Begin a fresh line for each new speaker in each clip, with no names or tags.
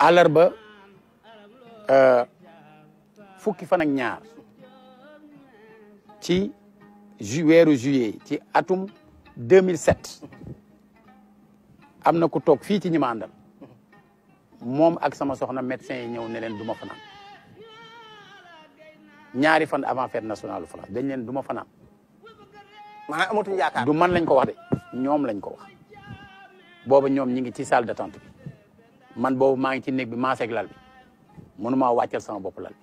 àllarba euh, fukki fan ak ñaar ci weeru juillet ci atum 2007 am na ku toog fii ci ñi moom ak sama soxna médecin yi ñëw ne leen du ma fanaan ñaari fan avant fête nationale France dañ leen du ma fanaan. maanaam amatuñu yaakaar du man lañ ko wax de ñoom lañ ko wax booba ñoom ñi ngi ci salle d'attente bi. man boobu maa ngi ci néeg bi maaseeg lal bi mënumaa wàccal sama bopp lal bi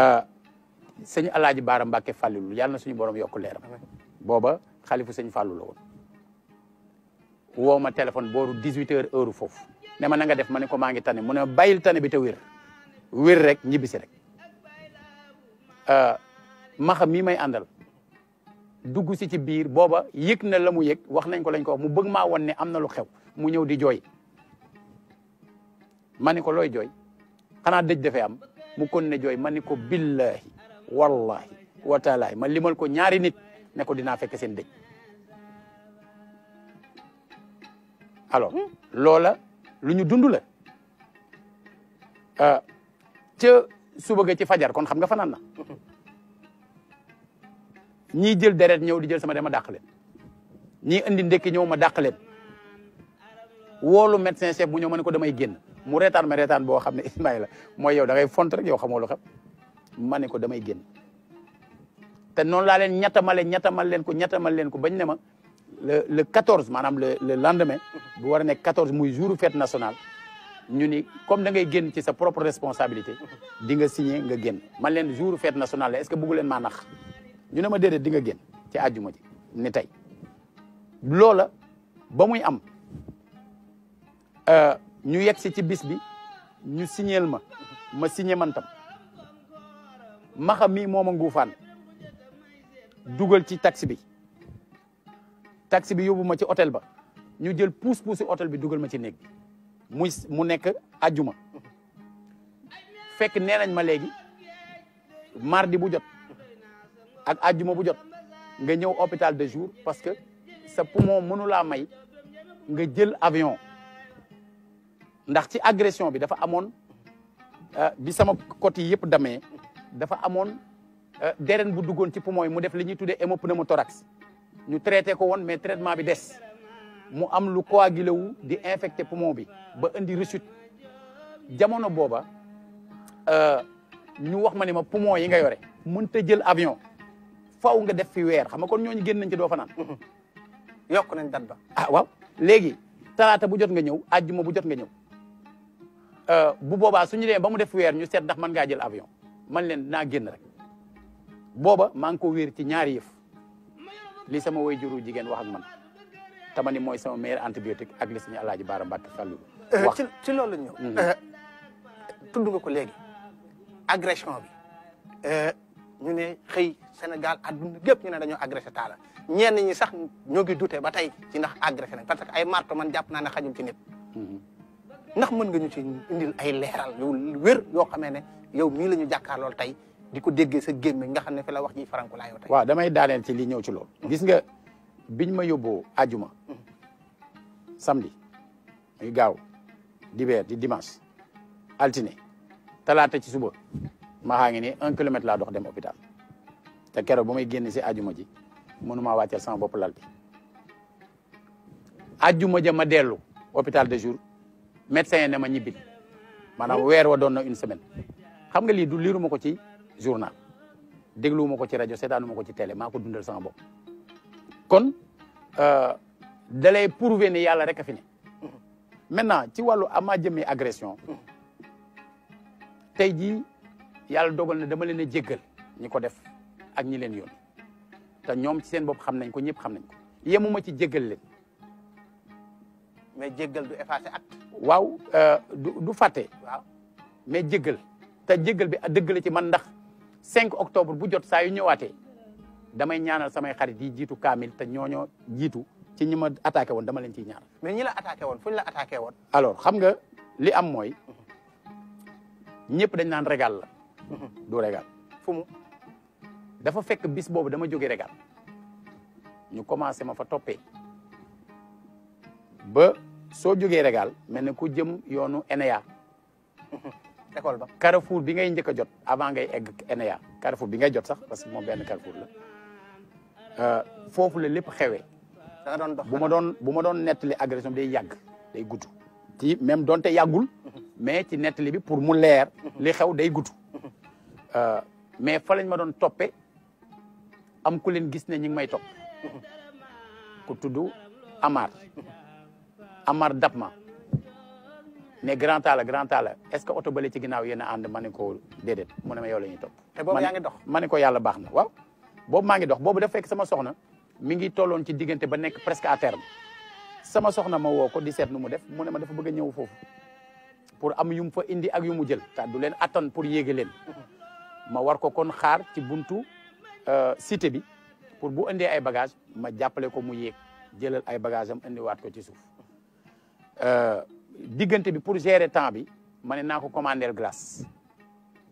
ah, sëñ alaaji baara mbàkke fàllilu yàlla na suñu borom yokk leer booba xalifu sëñ fàllu la woon woo ma téléphone booru 18 heures heure foofu ne ma na nga def ma ne ko maa ngi tane mu ne bàyyil tane bi te wér wér rek ñibbisi rek ah, maxam mii may àndal dugg si ci biir booba yëg na la mu yëg wax nañ ko lañ ko wax mu bëgg maa won ne am na lu xew mu ñëw di jooy ma ni ko looy jooy xanaa dëj dafee am mu kon ne jooy ma ni ko billahi wallahi wataalaahi ma limal ko ñaari nit ne ko dinaa fekk seen dëj alo hmm? loola lu ñu dund la ah, ca suba ga ci fajar kon xam nga fanaan na ñii jël deret ñëw di jël sama dama dàq leen ñii indi ndekki ñëw ma dàq leen lu médecin chef bu ñëw ma ne ko damay génn mu reetaan ma reetaan boo xam ne Ismaïla yow da ngay font rek yow xamoo lu xam ma ko damay génn te noonu laa leen ñettamale ñettamal leen ko ñettamal leen ko bañ ne le le 14 maanaam le le lendemain bu war a 14 muy jour fête nationale ñu comme da ngay génn ci sa propre responsabilité di nga signé nga génn man leen jour fête nationale est-ce que bëggu leen maa nax ñu ne ma déedéet di nga génn ci àjjuma ji ni loola ba muy am euh, New York City, ci bis bi ñu signeel ma ma signé man tam maxam mii mooma nguufaan dugal ci taxi bi taxi bi yóbbu ci hôtel ba ñu jël pousse pousse hôtel bi dugal ma ci néeg muy mu mardi bu jot ak bu hôpital de jour parce que sa poumon may nga jël avion ndax ci agression bi dafa euh bi sama côté yépp damé dafa euh dérène bu duggoon ci poumon mu def liñuy tuddé hémopneumothorax ñu traité ko won mais traitement bi dess mu am lu coagulé wu di infecté poumon bi ba indi rechute jamono euh ñu wax mané ma poumon yi nga yore mënta jël avion faw nga def fi weer xam nga kon ñooñu génn nañ ci fa fanaan yok nañ dat ba ah waaw légui talata bu jot nga ñew aljuma bu jot nga ñew Euh, bu boobaa suñu demee ba mu def weer ñu seet ndax man ngaa jël avion man leen dinaa génn rek booba maa ko wéer ci ñaari yëf li sama way juru jigéen wax ak man tama ni mooy sama meilleur antibiotique ak li suñu alaaji baara mbàkk fàllu euh, wax ci loolu ñëw mhm. euh, tudd nga ko léegi
agression bi ñu ne xëy Sénégal adduna gépp ñu ne dañoo agressé Talla ñenn ñi sax ñoo ngi dute ba tey ci nax agressé nañ parce que ay marto man jàpp naa ne xajul ci nit mhm. ndax mën nga ñu ci indil ay leral yu wër yo xamé né yow mi lañu jakkar jàkkaarlool tay diko déggé sa gemme nga xamné fi la wax ji franco la yow
tay wa damay dalen ci li ñew ci loolu gis nga biñ ma yobbo aljuma samedi ay gaaw dibeer di dimanche altiné talata ci suba maxaa ngi ni 1 km la dox dem hôpital té kéro bu may génné ci aljuma ji mënumaa waccé sama bop lal bi aljuma ja ma dellu hôpital de jour médecin yi ne ma ñibbil maanaam weer wa doon na une semaine xam nga lii du liiruma ko ci journal dégluwuma ko ci rajo seetaanuma ko ci télé maa ko dundal sax bopp kon euh, da pour prouver ne yàlla rek a fi ne maintenant ci wàllu ama jëmee agression tey jii yàlla dogal na dama leen a jéggal ñi ko def ak ñi leen yoon te ñoom ci seen bopp xam nañ ko ñëpp xam nañ ko yemuma ci jéggal leen mais jéggal du effacé ak. waaw euh, du du fàtte. waaw mais jéggal te jéggal bi dëgg la ci man ndax 5 octobre bu jot saa yu ñëwaatee damay ñaanal samay xarit yi jiitu kaamil te ñooñoo jiitu ci ñi ma attaqué woon dama leen ciy ñaanal.
mais ñi la attaqué woon fu la attaqué woon.
alors xam nga li am mooy ñëpp dañ naan régal la. Mhm. du régal fu mu. dafa fekk bis boobu dama jóge régal ñu commencé ma fa toppee. ba soo jógee Régal mel ne ku jëm yoonu ENEA. école ba Carrefour bi ngay njëkk a jot avant ngay egg ENEA Carrefour bi ngay jot sax parce que moom benn Carrefour la euh, foofu la lépp xewee. da doon dox bu ma doon bu ma doon nettali agression day yàgg day gudd. ci même donte yàggul. mais ci nettali bi pour mu leer. li xew day gudd. Euh, mais fa lañ ma doon toppe am ku leen gis ne ñi ngi may topp ku tudd Amar. Amar dapma ne grand tala grand tala est ce que auto balé ci ginaaw yena and maniko dedet mune ma yow la top topp. te boobu dox maniko yalla baxna waw bobu na dox bobu da fekk sama soxna mi ngi tolon ci digënté ba nek presque à terme sama soxna ma woo ko di sét nu mu def mune ma dafa bëgg ñëw fofu pour am yum fa indi ak yu jël ta du len attendre pour yéege len ma war ko kon xaar ci buntu euh, cité bi pour bu ëndé ay bagage ma jappalé ko mu yéeg jëlal ay bagage am waat ko ci suuf. diggante bi pour gérer temps bi ma ne naa ko commander glace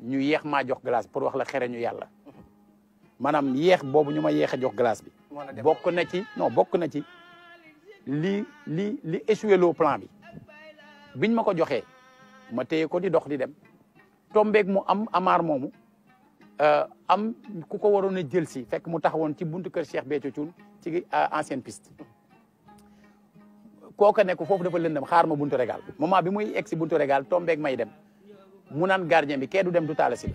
ñu yeex maa jox glace pour wax la xere ñu yàlla maanaam yeex boobu ñu ma yeex a jox glace bi. bokk na ci non bokk na ci li li li échoué loo plan bi biñ ma ko joxee ma téye ko di dox di dem tombeeg mu am amaar moomu euh, am ku ko waroon a jël si fekk mu taxawoon ci buntu kër Cheikh Béthio Thioune ci euh, ancienne piste. koka ne fofu foofu dafa lëndam xaar ma buntu regal moment bi muy exi buntu regal tombe ak may dem mu nan gardien bi ke du dem du talasi si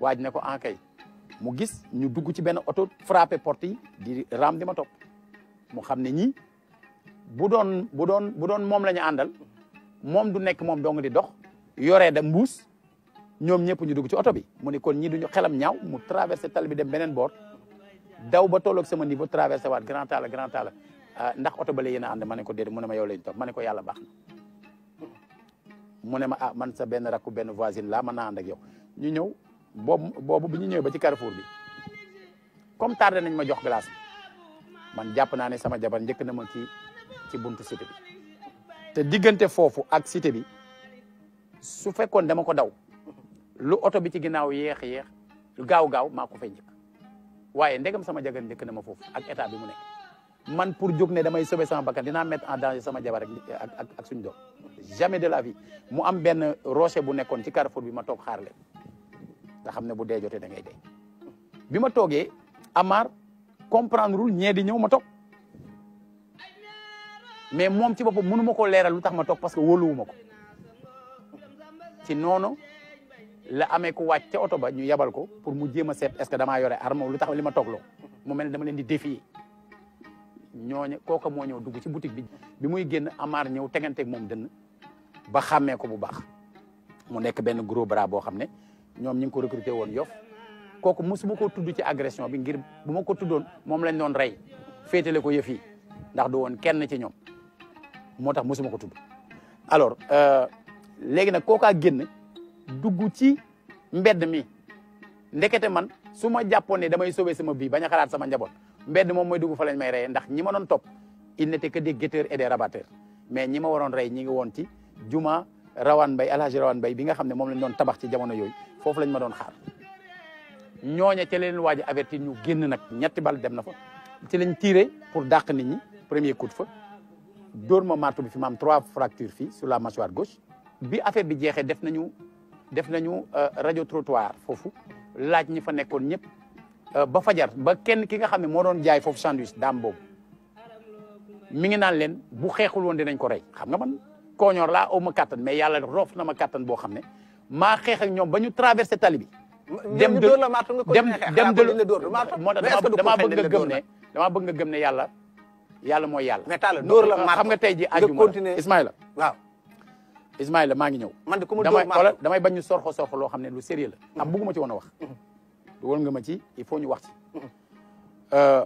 waaj en ah, kay mu gis ñu dugg ci ben auto frapper porte di ram di ma top mu xamne ñi bu don bu don bu don mom la andal mom du nek mom dong di dox yoré da mbuus ñom ñepp ñu dugg ci auto bi mu ne kon ñi duñu xelam ñaaw mu traverser tal bi dem benen bord daw ba tolok sama niveau traverser wat grand tala grand tala Ah, ndax oto ba la yéen a ànd ma ne ko déedéet mu ne ma yow lañ topp ma ne ko yàlla baax na ne ma ah man sa benn rakku benn voisine laa mën naa ànd yow ñu ñëw boobu boobu bi ñu ñëwee ba ci Carrefour bi comme tardé nañ ma jox glace man jàpp naa ne sama jabar njëkk na ma ci ci buntu cité bi te diggante foofu ak cité bi su fekkoon dama ko daw lu oto bi ci ginnaaw yéex yéex gaaw gaaw maa ko fay njëkk waaye ndegam sama jagar njëkk na ma foofu ak état bi mu ne man pour jóg ne damay sauver sama bakkan dina mettre en danger sama jabar ak ak ak suñu doom jamais de la vie mu am ben rocher bu nekkon ci carrefour bi ma tok xaar le da xam bu dee da ngay dé bima togué Amar comprendre wul ñee di ñew ma tok mais mom ci boppam mënu ma ko leeral lu ma tok parce que wóoluwuma ko ci nono la amé ko wacc ci auto ba ñu yabal ko pour mu jéem sét est ce que dama yore arme lutax tax li ma toogloo mu mel dama len di défier ñooñu kooka mo ñew dugg ci boutique bi bi muy genn Amar ñëw ak mom dënn ba xamé ko bu baax mu nekk benn gros bras bo xamné ne ñing ko recruter won yof kooku mosuma ko tuddu ci agression bi ngir bu ma ko tuddoon moom lañ doon rey féetale ko yëf yi ndax du won kenn ci ñom motax tax ko tudd alors euh, légui nak koka genn dugg ci mbedd mi ndekete man suma ma damay sauver sama bi baña xalat sama njabot mbedd moom mooy dugg fa lañ may reyee ndax ñi ma doon topp il n'était que des guetteurs et des rabatteurs mais ñi ma waroon rey ñi ngi woon ci juma rawaan bay alhaji rawaan bay bi nga xam ne moom lañ doon tabax ci jamono yooyu foofu lañ ma doon xaar ñooña ca leen waaj a avertir ñu génn nag ñetti bal dem na fa ci lañ tiré pour dàq nit ñi premier coup de feu dóor ma martu bi fi ma am trois fractures fii sur la mâchoire gauche bi affaire bi jeexee def nañu def nañu euh, rajo trottoir foofu laaj ñi fa nekkoon ñëpp Euh, ba fajar ba kenn ki nga xam ne moo doon jaay foofu sandwich daam boobu mi ngi naan leen bu xeexul woon nañ ko rey xam nga man kooñoor laa aw ma kattan mais yàlla roof na ma kattan boo xam ne maa xeex ak ñoom ba ñu traversé tali bi.
dem de dem dem de moo tax damaa bëgg nga gëm ne
damaa bëgg nga gëm ne yàlla yàlla mooy yàlla. mais Talla dóor la xam nga tey ji àjjuma la Ismaïla waaw. Ismaïla maa ngi ñëw. man de ku ma dóor damay bañ ñu sorxo sorxo loo xam ne lu sérieux la. am bëgguma ci woon a wax. Mhm. dugal nga ma ci il faut ñu wax ci euh,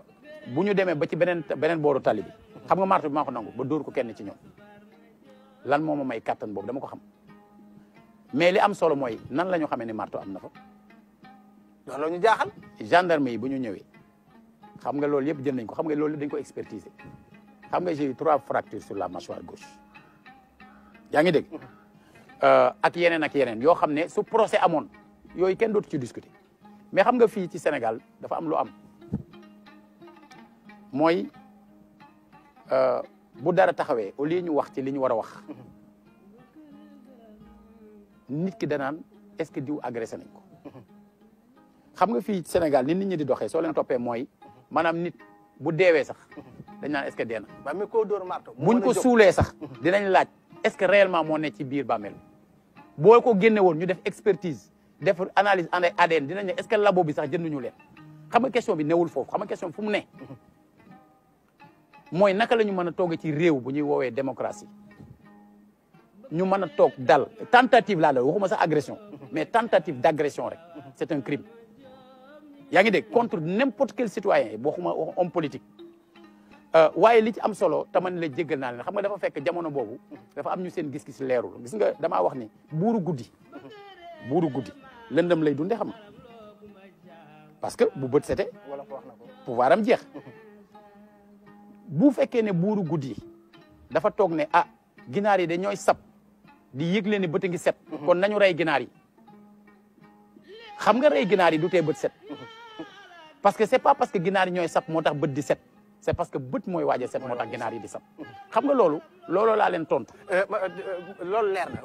bu ñu demee ba ci beneen beneen booru tali bi xam nga marto bi maa ba dóor ko kenn ci ñoom lan moo ma may kattan boobu dama ko xam mais li am solo mooy nan la ñu xamee ne marto am na fa loolu ñu jaaxal gendarme yi bu ñu ñëwee xam nga loolu yëpp jël nañ ko xam nga loolu dañ ko expertiser xam nga j'ai eu trois fractures sur la mâchoire gauche yaa ngi dégg euh, ak yeneen ak yeneen yoo xam ne su procès amoon yooyu kenn dootu ci discuter mais xam nga fii ci Sénégal dafa am lu am mooy euh, bu dara taxawee au lieu ñu wax ci li ñu war a wax nit ki danaan est-ce que diw agressé nañ ko xam nga fii Sénégal ni nit ñi di doxee soo leen toppee mooy maanaam nit bu deewee sax dañ naan est-ce que dee na. waaw mais koo dóor marto buñ ko suulee sax dinañ laaj est-ce que réellement moo ne ci biir bàmmeel boo ko génne woon ñu def expertise def analyse ADN dinañ est-ce que labo bi sax xam question bi xam question fu ne naka ci réew bu démocratie ñu dal tentative la la waxuma sax agression mais tentative d'agression c'est un crime ngi contre n'importe quel citoyen waxuma homme politique euh, li ci am solo te la xam nga dafa fekk jamono dafa am ñu seen nga wax ni vous lay dundé xam parce que bu êtes pouvoir am jeex bu féké vous avez dafa ah yi de sap di ne ngi set. kon nañu ray ginar yi xam nga yi parce que c'est pas parce que ginar yi sap motax c' parce que bët mooy waaj a set moo tax ginaar yi di sab xam nga loolu looloo laa leen tontu. Euh, euh, euh, loolu leer na.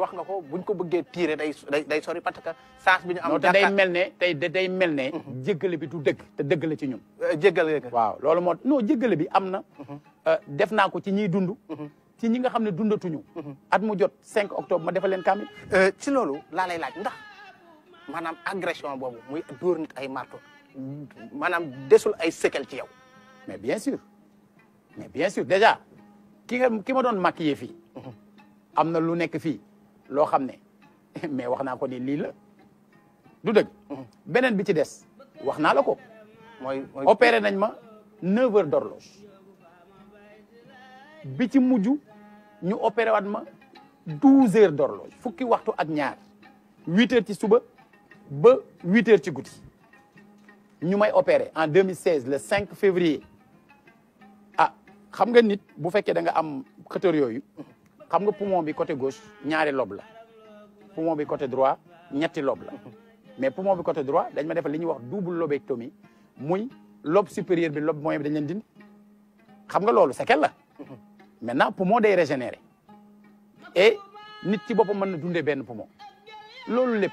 wax nga ko buñ ko bëggee tiire day day sori parce que sens bi ñu am. te day mel ne tey day mel ne. jéggale bi du dëgg te dëgg la ci ñun. jéggale nga waaw loolu moo non jéggale bi am na. Mhm. def naa ko ci ñiy dund. Mhm. ci ñi nga xam ne dundatuñu. Mhm. at mu jot cinq octobre ma defal leen kaamil. ci loolu laa
laaj ndax maanaam agression boobu muy dóor nit ay marto maanaam
desul ay séquelles ci yow. Mais bien sûr. Mais bien sûr. Déjà, qui, qui m'a donné maquillé ici Il mhm. y a quelque chose ici. Ce sais. Mais je lui ai dit c'est ça. C'est vrai. Une autre chose qui est venue, je opéré à 9 heures d'horloge. Dans le Moudjou, nous avons opéré à 12 heures d'horloge. Il y a deux heures. 8 heures du soir, 8 h du goutti. Nous avons opéré en 2016, le 5 février xam nga nit bu fekkee da nga am xëtër yooyu xam nga poumon bi côté gauche ñaari lob la poumon bi côté droit ñetti lob la mais poumon bi côté droit dañ ma defal li ñuy wax double lobectomie muy lobe supérieur bi lobe moyen bi dañ leen dindi xam nga loolu séquelle la maintenant poumon day régénérer et nit ci boppam mën na dundee benn poumon loolu lépp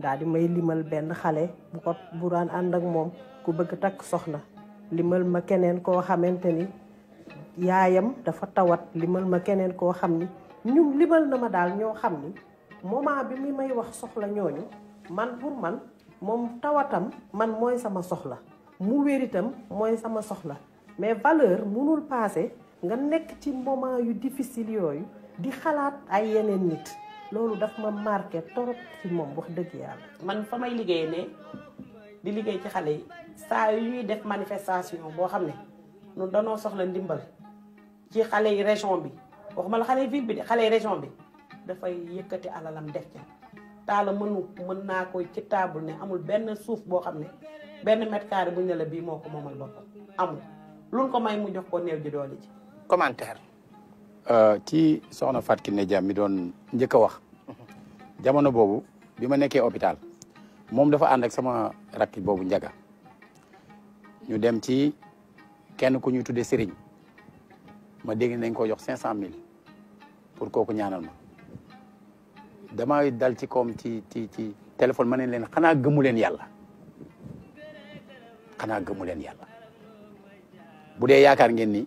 daal di may limal benn xale bu ko bu ànd ak moom ku bëgg takk soxna limal ma keneen koo xamante ni yaayam dafa tawat limal ma keneen koo xam ni ñun limal na ma daal ñoo xam ni moment bi mi may wax soxla ñooñu man pour man moom tawatam man mooy sama soxla mu wér itam mooy sama soxla mais valeur munul passé nga nekk ci moment yu difficile yooyu di xalaat ay yeneen nit loolu dafa ma marqué torop ci moom wax dëgg yàlla. man fa may liggéeyee ne di liggéey ci xale yi saa yuy def manifestation boo xam ne ñun danoo soxla ndimbal ci xale yi région bi waxuma la xale yi ville bi de xale yi région bi dafay yëkkati alalam def ca taala mënu mën naa koy ci taabul ne amul benn suuf boo xam ne benn mètre carré bu ñu ne la bii moo ko moomal ko amul luñ ko may mu jox ko néew ji doole
ji commentaire. Euh, ci soxna Fat Kiné Dia mi don njëkk wax jamono bobu bima nekké hôpital mom dafa and ak sama rakki bobu njaga ñu dem ci kenn ku ñu tuddé serigne ma dégg nañ ko jox 500000 pour koku ñaanal ma yi dal ci kom ci ci ci téléphone ma len xana xanaa gëmu leen yàlla xanaa gëmu leen ngeen ni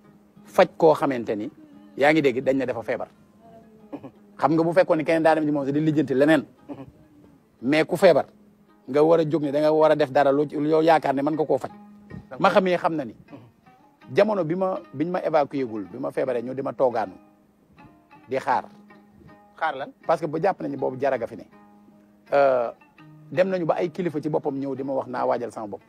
faj koo xamante ni yaa ngi dégg dañ ne defa feebar xam nga bu fekkoon ne keneen daa dem ci moom si di lijjanti leneen mais ku feebar nga war a jóg ne danga nga war a def dara lu yow yaakaar ne mën nga koo faj ma xamee xam na ni jamono bi ma biñ ma évacué gul bi ma feebaree ñu di ma toogaanu di xaar xaar lan parce que bu jàpp nañu boobu jaraga fi ne euh, dem nañu ba ay kilifa ci boppam ñëw di ma wax naa waajal sama bopp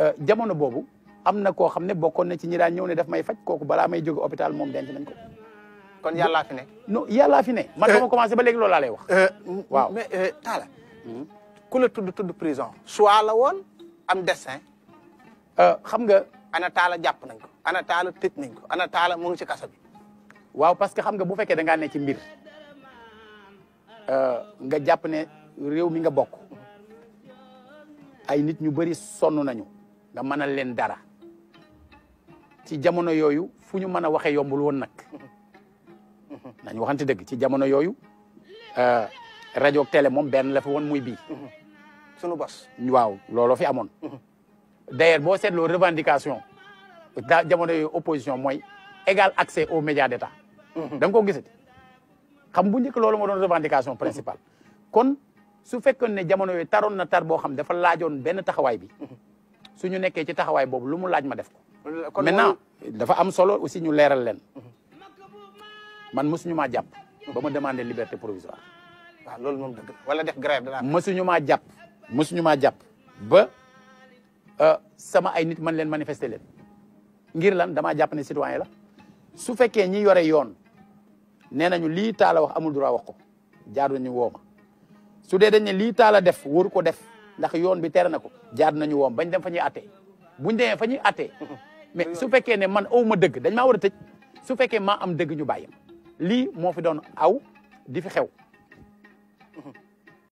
euh, jamono boobu am na koo xam ne bokkoon na ci ñi daan ñëw ne daf may faj kooku balaa may jóge hôpital moom denc nañ ko.
kon yàllaa fi ne. non yàllaa fi ne. man eh, dama commencé ba léegi loolu laa lay wax. Eh, waaw mais eh,
Talla. ku la tudd tudd prison.
choix la woon am destin. Euh, xam nga. ana Talla jàpp nañ ko. ana Talla
tëj nañ ko. ana Talla mu ngi ci bi. waaw parce que xam nga bu fekkee da ngaa ci mbir euh, nga jàpp ne réew mi nga bokk ay nit ñu bëri sonn nañu nga mënal leen dara. ci jamono yoyu fuñu mëna waxé yombul won nak nañ waxanti deug ci jamono yoyu euh radio ak télé mom ben la fi won muy bi suñu boss waaw looloo fi amoon. d'ailleurs boo seetloo revendication jamono yoyu opposition moy égal accès aux médias d'État. dang ko gisé xam bu ñëk loolu mo doon revendication principale. kon su fekkoon ne jamono yoyu taroon na tar bo xam dafa laajoon ben taxaway bi. suñu nekké ci taxaway boobu lu mu laaj ma def ko.
na
dafa am solo aussi ñu leeral leen man mësuñu maa jàpp ba ma demandé liberté provisoire waaw ah, loolu moom dëgg wala def grève dana mësuñu maa jàpp mësuñu maa jàpp ba euh, sama ay nit man leen manifester leen ngir lan damaa jàpp ne citoyen la su fekkee ñi yore yoon nee nañu lii taala wax amul droit wax ko jaadu nañu woo ma su dee dañ ne lii taala def waru ko def ndax yoon bi tere na ko jaadu nañu woom bañ dem fa ñuy attee buñ demee fa ñuy attee mais si je suis man ma dëgg dañ a su am dëgg